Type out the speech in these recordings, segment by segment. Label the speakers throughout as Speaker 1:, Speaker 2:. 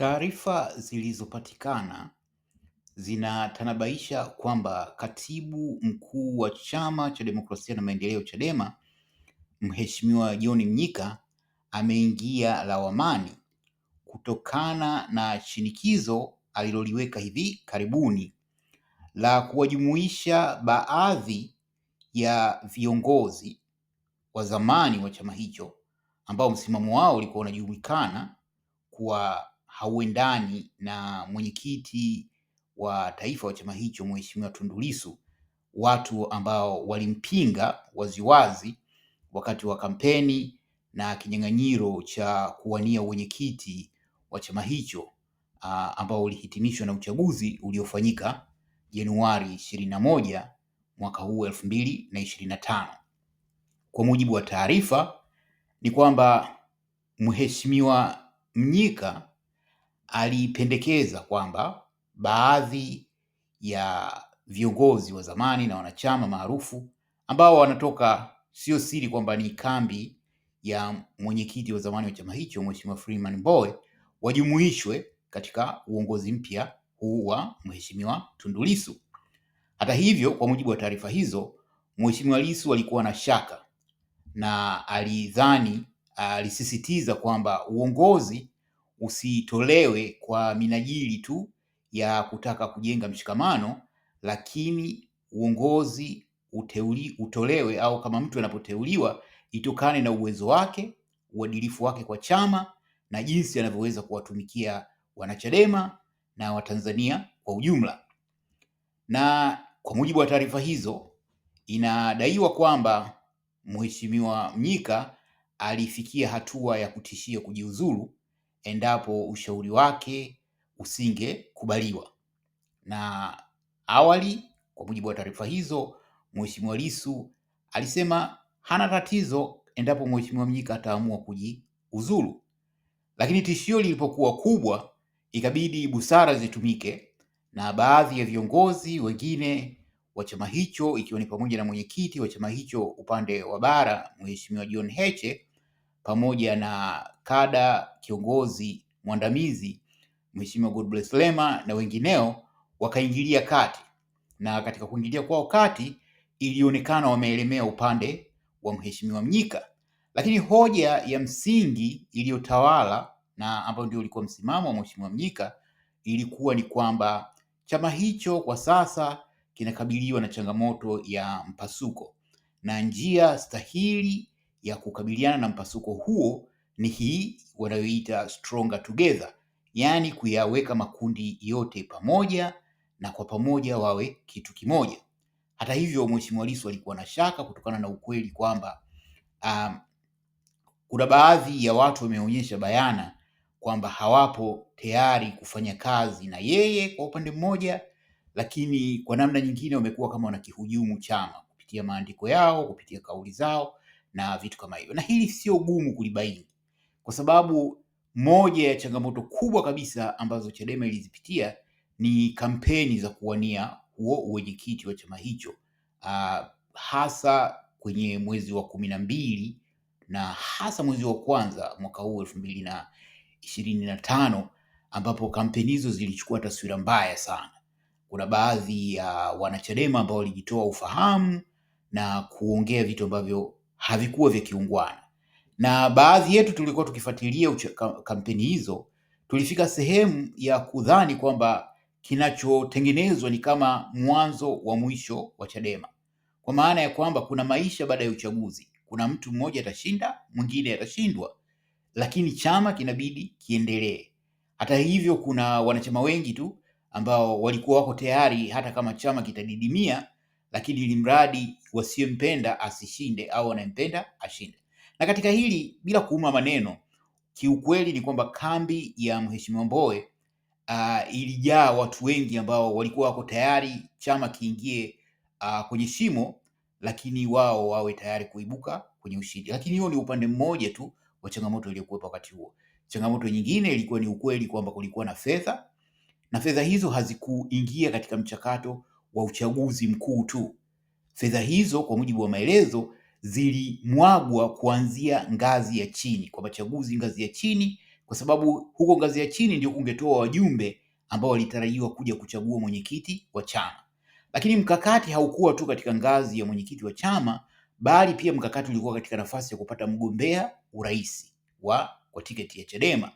Speaker 1: Taarifa zilizopatikana zinatanabaisha kwamba katibu mkuu wa Chama cha Demokrasia na Maendeleo Chadema, Mheshimiwa John Mnyika ameingia lawamani kutokana na shinikizo aliloliweka hivi karibuni la kuwajumuisha baadhi ya viongozi wa zamani wa chama hicho ambao msimamo wao ulikuwa unajulikana kuwa hauendani na mwenyekiti wa taifa wa chama hicho Mheshimiwa Tundu Lissu, watu ambao walimpinga waziwazi wakati wa kampeni na kinyang'anyiro cha kuwania wenyekiti wa chama hicho ambao ulihitimishwa na uchaguzi uliofanyika Januari ishirini na moja mwaka huu elfu mbili na ishirini na tano. Kwa mujibu wa taarifa ni kwamba Mheshimiwa Mnyika alipendekeza kwamba baadhi ya viongozi wa zamani na wanachama maarufu ambao wanatoka, sio siri kwamba ni kambi ya mwenyekiti wa zamani wa chama hicho Mheshimiwa Freeman Mbowe wajumuishwe katika uongozi mpya huu wa Mheshimiwa Tundu Lissu. Hata hivyo, kwa mujibu wa taarifa hizo, Mheshimiwa Lissu alikuwa na shaka na alidhani, alisisitiza kwamba uongozi usitolewe kwa minajili tu ya kutaka kujenga mshikamano, lakini uongozi uteuli, utolewe au kama mtu anapoteuliwa itokane na uwezo wake, uadilifu wake kwa chama na jinsi anavyoweza kuwatumikia wanachadema na Watanzania kwa ujumla. Na kwa mujibu wa taarifa hizo, inadaiwa kwamba Mheshimiwa Mnyika alifikia hatua ya kutishia kujiuzulu endapo ushauri wake usingekubaliwa. Na awali, kwa mujibu wa taarifa hizo, Mheshimiwa Lissu alisema hana tatizo endapo Mheshimiwa Mnyika ataamua kujiuzulu. Lakini tishio lilipokuwa kubwa, ikabidi busara zitumike na baadhi ya viongozi wengine wa chama hicho ikiwa ni pamoja na mwenyekiti wa chama hicho upande wa bara Mheshimiwa John Heche pamoja na kada kiongozi mwandamizi Mheshimiwa Godbless Lema na wengineo wakaingilia kati, na katika kuingilia kwao kati ilionekana wameelemea upande wa Mheshimiwa Mnyika, lakini hoja ya msingi iliyotawala na ambayo ndio ulikuwa msimamo wa Mheshimiwa Mnyika ilikuwa ni kwamba chama hicho kwa sasa kinakabiliwa na changamoto ya mpasuko na njia stahili ya kukabiliana na mpasuko huo ni hii wanayoita Stronger Together, yaani kuyaweka makundi yote pamoja na kwa pamoja wawe kitu kimoja. Hata hivyo, Mheshimiwa Lissu alikuwa na shaka kutokana na ukweli kwamba um, kuna baadhi ya watu wameonyesha bayana kwamba hawapo tayari kufanya kazi na yeye kwa upande mmoja, lakini kwa namna nyingine wamekuwa kama wanakihujumu chama kupitia maandiko yao, kupitia kauli zao na vitu kama hivyo, na hili sio gumu kulibaini kwa sababu moja ya changamoto kubwa kabisa ambazo Chadema ilizipitia ni kampeni za kuwania huo uwenyekiti wa chama hicho uh, hasa kwenye mwezi wa kumi na mbili na hasa mwezi wa kwanza mwaka huu elfu mbili na ishirini na tano ambapo kampeni hizo zilichukua taswira mbaya sana. Kuna baadhi ya uh, wanachadema ambao walijitoa ufahamu na kuongea vitu ambavyo havikuwa vya kiungwana, na baadhi yetu tulikuwa tukifuatilia kampeni hizo, tulifika sehemu ya kudhani kwamba kinachotengenezwa ni kama mwanzo wa mwisho wa Chadema, kwa maana ya kwamba kuna maisha baada ya uchaguzi, kuna mtu mmoja atashinda, mwingine atashindwa, lakini chama kinabidi kiendelee. Hata hivyo, kuna wanachama wengi tu ambao walikuwa wako tayari hata kama chama kitadidimia lakini ili mradi wasiyempenda asishinde au anayempenda ashinde. Na katika hili bila kuuma maneno, kiukweli ni kwamba kambi ya Mheshimiwa Mbowe uh, ilijaa watu wengi ambao walikuwa wako tayari chama kiingie uh, kwenye shimo, lakini wao wawe tayari kuibuka kwenye ushindi. Lakini hiyo ni upande mmoja tu wa changamoto iliyokuwepo wakati huo. Changamoto nyingine ilikuwa ni ukweli kwamba kulikuwa na fedha na fedha hizo hazikuingia katika mchakato wa uchaguzi mkuu tu. Fedha hizo kwa mujibu wa maelezo zilimwagwa kuanzia ngazi ya chini kwa machaguzi ngazi ya chini, kwa sababu huko ngazi ya chini ndio kungetoa wajumbe ambao walitarajiwa kuja kuchagua mwenyekiti wa chama. Lakini mkakati haukuwa tu katika ngazi ya mwenyekiti wa chama, bali pia mkakati ulikuwa katika nafasi ya kupata mgombea urais wa kwa tiketi ya Chadema,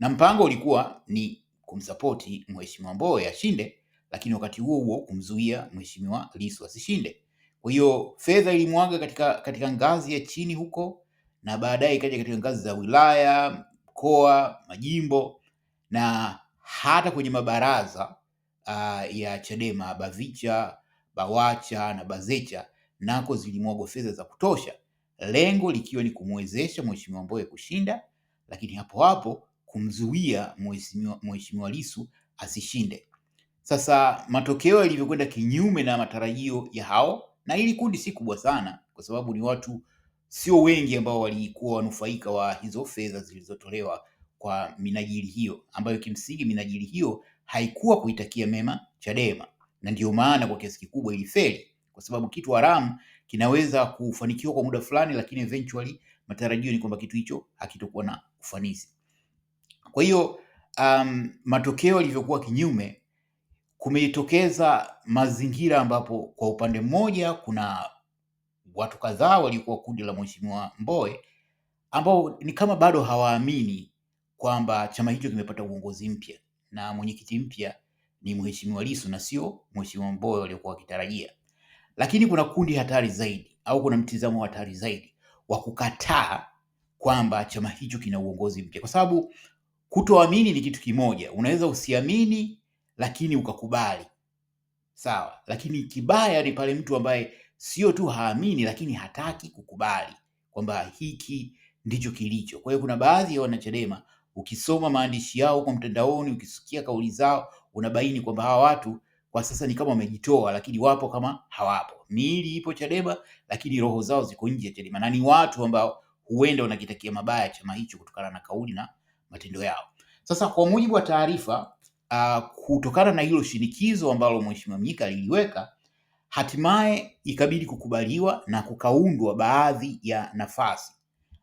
Speaker 1: na mpango ulikuwa ni kumsapoti Mheshimiwa Mbowe ashinde, lakini wakati huo huo kumzuia mheshimiwa Lissu asishinde. Kwa hiyo fedha ilimwaga katika, katika ngazi ya chini huko na baadaye ikaja katika ngazi za wilaya, mkoa, majimbo na hata kwenye mabaraza uh, ya Chadema Bavicha, Bawacha na Bazecha nako zilimwagwa fedha za kutosha, lengo likiwa ni kumwezesha mheshimiwa Mbowe kushinda, lakini hapo hapo kumzuia mheshimiwa Lissu asishinde. Sasa matokeo yalivyokwenda kinyume na matarajio ya hao, na ili kundi si kubwa sana, kwa sababu ni watu sio wengi ambao walikuwa wanufaika wa hizo fedha zilizotolewa kwa minajili hiyo, ambayo kimsingi minajili hiyo haikuwa kuitakia mema Chadema, na ndio maana kwa kiasi kikubwa ilifeli, kwa sababu kitu haramu kinaweza kufanikiwa kwa muda fulani, lakini eventually matarajio ni kwamba kitu hicho hakitokuwa na ufanisi. Kwa hiyo um, matokeo yalivyokuwa kinyume kumejitokeza mazingira ambapo kwa upande mmoja kuna watu kadhaa waliokuwa kundi la Mheshimiwa Mbowe ambao ni kama bado hawaamini kwamba chama hicho kimepata uongozi mpya na mwenyekiti mpya ni Mheshimiwa Lissu na sio Mheshimiwa Mbowe waliokuwa wakitarajia. Lakini kuna kundi hatari zaidi au kuna mtizamo hatari zaidi wa kukataa kwamba chama hicho kina uongozi mpya, kwa sababu kutoamini ni kitu kimoja, unaweza usiamini lakini ukakubali, sawa. Lakini kibaya ni pale mtu ambaye sio tu haamini, lakini hataki kukubali kwamba hiki ndicho kilicho. Kwa hiyo kuna baadhi ya wanachadema ukisoma maandishi yao kwa mtandaoni, ukisikia kauli zao, unabaini kwamba hawa watu kwa sasa ni kama wamejitoa, lakini wapo kama hawapo. Miili ipo Chadema, lakini roho zao ziko nje ya Chadema, na ni watu ambao huenda wanakitakia mabaya chama hicho kutokana na kauli na matendo yao. Sasa kwa mujibu wa taarifa uh, kutokana na hilo shinikizo ambalo Mheshimiwa Mnyika aliliweka, hatimaye ikabidi kukubaliwa na kukaundwa baadhi ya nafasi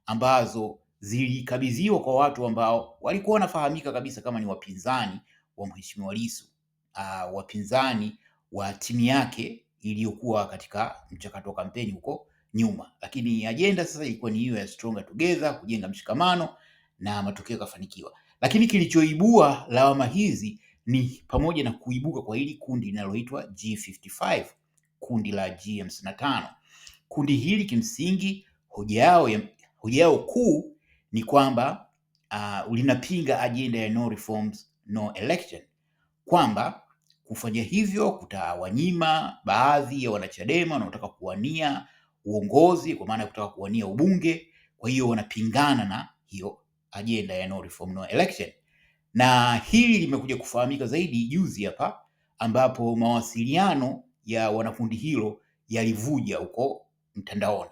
Speaker 1: ambazo zilikabidhiwa kwa watu ambao walikuwa wanafahamika kabisa kama ni wapinzani wa Mheshimiwa Lissu, uh, wapinzani wa timu yake iliyokuwa katika mchakato wa kampeni huko nyuma, lakini ajenda sasa ilikuwa ni hiyo ya stronger together, kujenga mshikamano na matokeo yakafanikiwa. Lakini kilichoibua lawama hizi ni pamoja na kuibuka kwa hili kundi linaloitwa G55, kundi la G55. Kundi hili kimsingi hoja yao hoja yao kuu ni kwamba uh, linapinga ajenda ya no reforms no election, kwamba kufanya hivyo kutawanyima baadhi ya wanachadema wanaotaka kuwania uongozi, kwa maana ya kutaka kuwania ubunge. Kwa hiyo wanapingana na hiyo ajenda ya no reform no election, na hili limekuja kufahamika zaidi juzi hapa, ambapo mawasiliano ya wanakundi hilo yalivuja huko mtandaoni,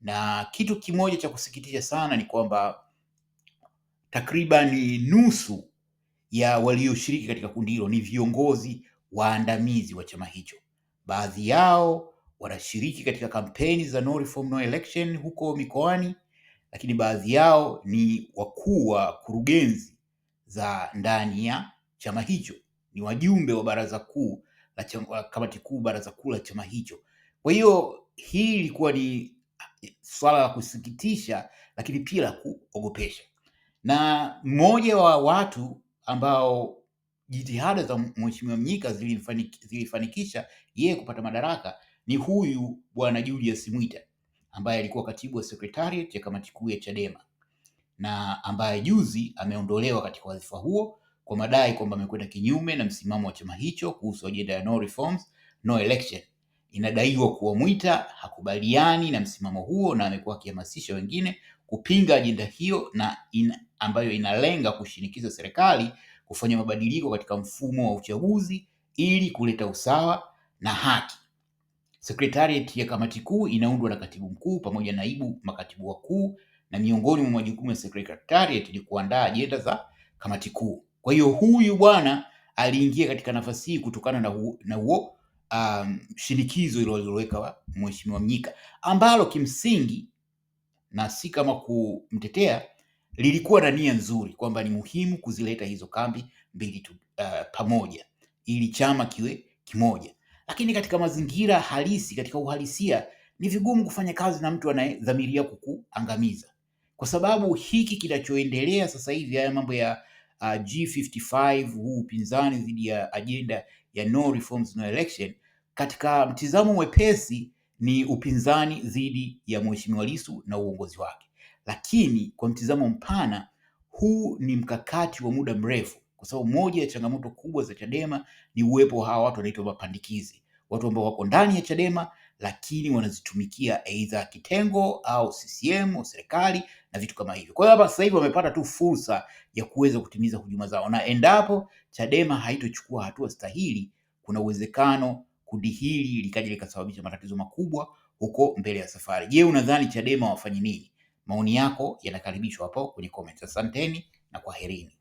Speaker 1: na kitu kimoja cha kusikitisha sana ni kwamba takriban nusu ya walioshiriki katika kundi hilo ni viongozi waandamizi wa chama hicho. Baadhi yao wanashiriki katika kampeni za no reform no election huko mikoani, lakini baadhi yao ni wakuu wa kurugenzi za ndani ya chama hicho, ni wajumbe wa baraza kuu la kamati kuu baraza kuu la chama hicho. Kwa hiyo hii ilikuwa ni eh, swala la kusikitisha, lakini pia la kuogopesha, na mmoja wa watu ambao jitihada za Mheshimiwa Mnyika zilifanikisha yeye kupata madaraka ni huyu Bwana Julius Mwita ambaye alikuwa katibu wa secretariat ya kamati kuu ya Chadema na ambaye juzi ameondolewa katika wadhifa huo kwa madai kwamba amekwenda kinyume na msimamo wa chama hicho kuhusu ajenda ya no reforms no election. Inadaiwa kuwa Mwita hakubaliani na msimamo huo na amekuwa akihamasisha wengine kupinga ajenda hiyo na in, ambayo inalenga kushinikiza serikali kufanya mabadiliko katika mfumo wa uchaguzi ili kuleta usawa na haki. Sekretariat ya kamati kuu inaundwa na katibu mkuu pamoja na naibu makatibu wakuu, na miongoni mwa majukumu ya sekretariat ni kuandaa ajenda za kamati kuu. Kwa hiyo huyu bwana aliingia katika nafasi hii kutokana na huo, na huo um, shinikizo ilo aliloweka Mheshimiwa Mnyika ambalo kimsingi na si kama kumtetea lilikuwa na nia nzuri kwamba ni muhimu kuzileta hizo kambi mbili tu, uh, pamoja ili chama kiwe kimoja lakini katika mazingira halisi, katika uhalisia ni vigumu kufanya kazi na mtu anayedhamiria kukuangamiza, kwa sababu hiki kinachoendelea sasa hivi, haya mambo ya uh, G55, huu upinzani dhidi ya ajenda ya no reforms no election, katika mtizamo mwepesi ni upinzani dhidi ya Mheshimiwa Lissu na uongozi wake, lakini kwa mtizamo mpana huu ni mkakati wa muda mrefu kwa sababu moja ya changamoto kubwa za Chadema ni uwepo wa hawa watu wanaitwa mapandikizi, watu ambao wako ndani ya Chadema lakini wanazitumikia aidha kitengo au CCM au serikali na vitu kama hivyo. Kwa hiyo hapa sasa hivi wamepata tu fursa ya kuweza kutimiza hujuma zao, na endapo Chadema haitochukua hatua stahili, kuna uwezekano kundi hili likaja likasababisha matatizo makubwa huko mbele ya safari. Je, unadhani Chadema wafanye nini? Maoni yako yanakaribishwa hapo kwenye comments. Asanteni na kwaherini.